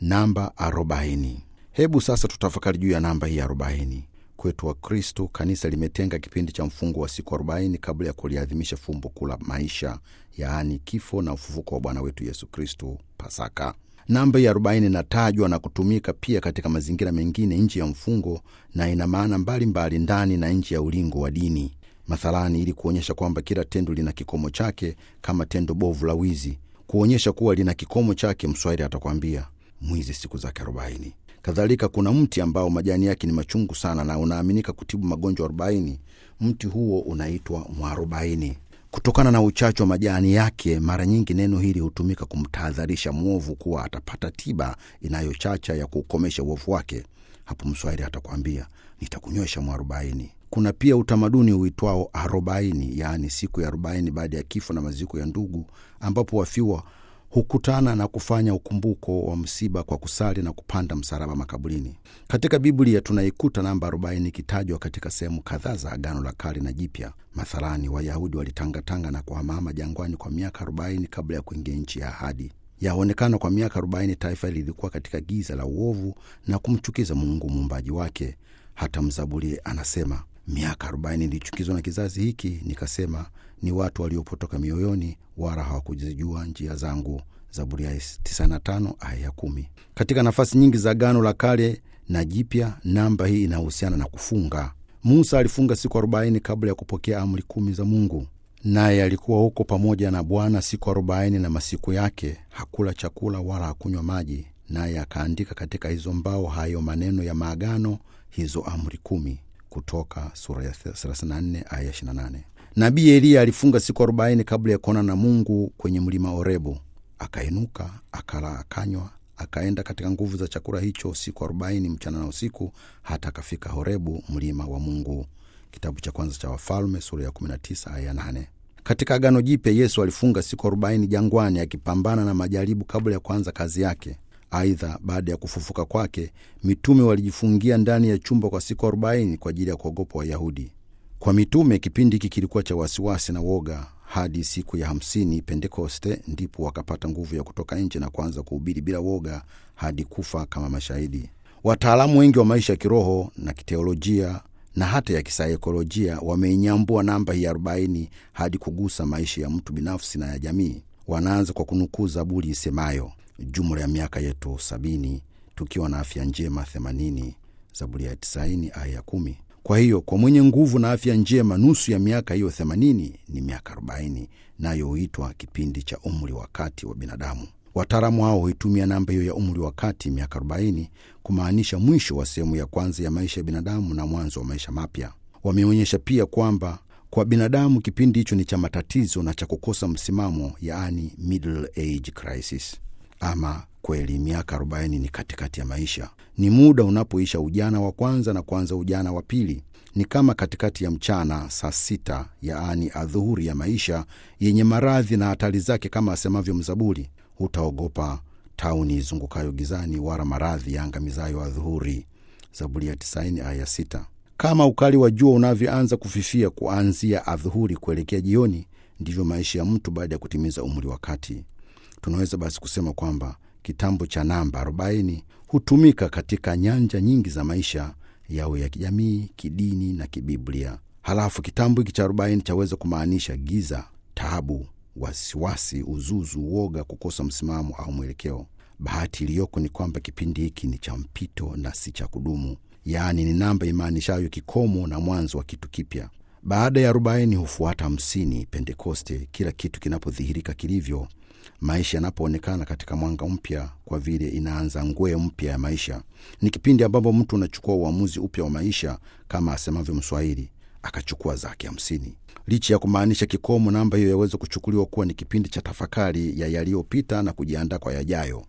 namba 40. Hebu sasa tutafakari juu ya namba hii 40. Kwetu wa Kristo, kanisa limetenga kipindi cha mfungo wa siku 40 kabla ya kuliadhimisha fumbo kula maisha, yaani kifo na ufufuko wa Bwana wetu Yesu Kristo, Pasaka. Namba ya 40 inatajwa na kutumika pia katika mazingira mengine nje ya mfungo na ina maana mbalimbali ndani na nje ya ulingo wa dini, mathalani, ili kuonyesha kwamba kila tendo lina kikomo chake, kama tendo bovu la wizi, kuonyesha kuwa lina kikomo chake. Mswahili atakwambia mwizi siku zake arobaini. Kadhalika kuna mti ambao majani yake ni machungu sana na unaaminika kutibu magonjwa arobaini. Mti huo unaitwa mwarobaini. Kutokana na uchache wa majani yake, mara nyingi neno hili hutumika kumtahadharisha mwovu kuwa atapata tiba inayochacha ya kuukomesha uovu wake. Hapo mswahili atakwambia nitakunywesha mwarobaini. Kuna pia utamaduni huitwao arobaini, yaani siku ya arobaini baada ya kifo na maziko ya ndugu, ambapo wafiwa hukutana na kufanya ukumbuko wa msiba kwa kusali na kupanda msalaba makaburini. Katika Biblia tunaikuta namba 40 ikitajwa katika sehemu kadhaa za Agano la Kale na Jipya. Mathalani, Wayahudi walitangatanga na kuhamahama jangwani kwa miaka 40 kabla ya kuingia nchi ya ahadi. Yaonekana kwa miaka 40 taifa lilikuwa katika giza la uovu na kumchukiza Mungu muumbaji wake. Hata mzaburi anasema miaka 40 nilichukizwa na kizazi hiki, nikasema ni watu waliopotoka mioyoni, wala hawakuzijua njia zangu. Zaburi ya 95 aya ya 10. Katika nafasi nyingi za Agano la Kale na Jipya, namba hii inahusiana na kufunga. Musa alifunga siku 40 kabla ya kupokea amri kumi za Mungu, naye alikuwa huko pamoja na Bwana siku 40 na masiku yake hakula chakula wala hakunywa maji, naye akaandika katika hizo mbao hayo maneno ya maagano, hizo amri kumi. Kutoka sura ya 34 aya 28. Nabii Eliya alifunga siku 40 kabla ya kuona na Mungu kwenye mlima Orebu. Akainuka, akala, akanywa, akaenda katika nguvu za chakula hicho siku 40 mchana na usiku, hata akafika Horebu, mlima wa Mungu. Kitabu cha kwanza cha Wafalme sura ya 19 aya 8. Katika Agano Jipya, Yesu alifunga siku 40 jangwani, akipambana na majaribu kabla ya kuanza kazi yake. Aidha, baada ya kufufuka kwake mitume walijifungia ndani ya chumba kwa siku 40 kwa ajili ya kuogopa Wayahudi. Kwa mitume kipindi hiki kilikuwa cha wasiwasi na woga hadi siku ya hamsini Pentekoste, ndipo wakapata nguvu ya kutoka nje na kuanza kuhubiri bila woga hadi kufa kama mashahidi. Wataalamu wengi wa maisha ya kiroho na kiteolojia na hata ya kisaikolojia wameinyambua namba hii 40 hadi kugusa maisha ya mtu binafsi na ya jamii. Wanaanza kwa kunukuu Zaburi isemayo jumla ya miaka yetu sabini tukiwa na afya njema themanini zaburi ya tisaini aya ya kumi kwa hiyo kwa mwenye nguvu na afya njema nusu ya miaka hiyo themanini ni miaka arobaini nayo huitwa kipindi cha umri wa kati wa binadamu wataalamu hao huitumia namba hiyo ya umri wa kati miaka 40 kumaanisha mwisho wa sehemu ya kwanza ya maisha ya binadamu na mwanzo wa maisha mapya wameonyesha pia kwamba kwa binadamu kipindi hicho ni cha matatizo na cha kukosa msimamo yaani middle age crisis ama kweli miaka 40 ni katikati ya maisha, ni muda unapoisha ujana wa kwanza na kuanza ujana wa pili. Ni kama katikati ya mchana saa sita, yaani adhuhuri ya maisha yenye maradhi na hatari zake, kama asemavyo mzaburi, hutaogopa tauni izungukayo gizani, wala maradhi yaangamizayo adhuhuri. Zaburi ya aya sita. Kama ukali wa jua unavyoanza kufifia kuanzia adhuhuri kuelekea jioni, ndivyo maisha ya mtu baada ya kutimiza umri wa kati tunaweza basi kusema kwamba kitambo cha namba 40 hutumika katika nyanja nyingi za maisha yawe ya kijamii, kidini na kibiblia. Halafu kitambo hiki cha 40 chaweza kumaanisha giza, taabu, wasiwasi, uzuzu, uoga, kukosa msimamo au mwelekeo. Bahati iliyoko ni kwamba kipindi hiki ni cha mpito na si cha kudumu, yaani ni namba imaanishayo kikomo na mwanzo wa kitu kipya. Baada ya 40 hufuata hamsini, Pentekoste, kila kitu kinapodhihirika kilivyo maisha yanapoonekana katika mwanga mpya, kwa vile inaanza ngwe mpya ya maisha. Ni kipindi ambapo mtu anachukua uamuzi upya wa maisha, kama asemavyo mswahili akachukua zake hamsini. Licha ya kumaanisha kikomo, namba hiyo yaweza kuchukuliwa kuwa ni kipindi cha tafakari ya yaliyopita na kujiandaa kwa yajayo.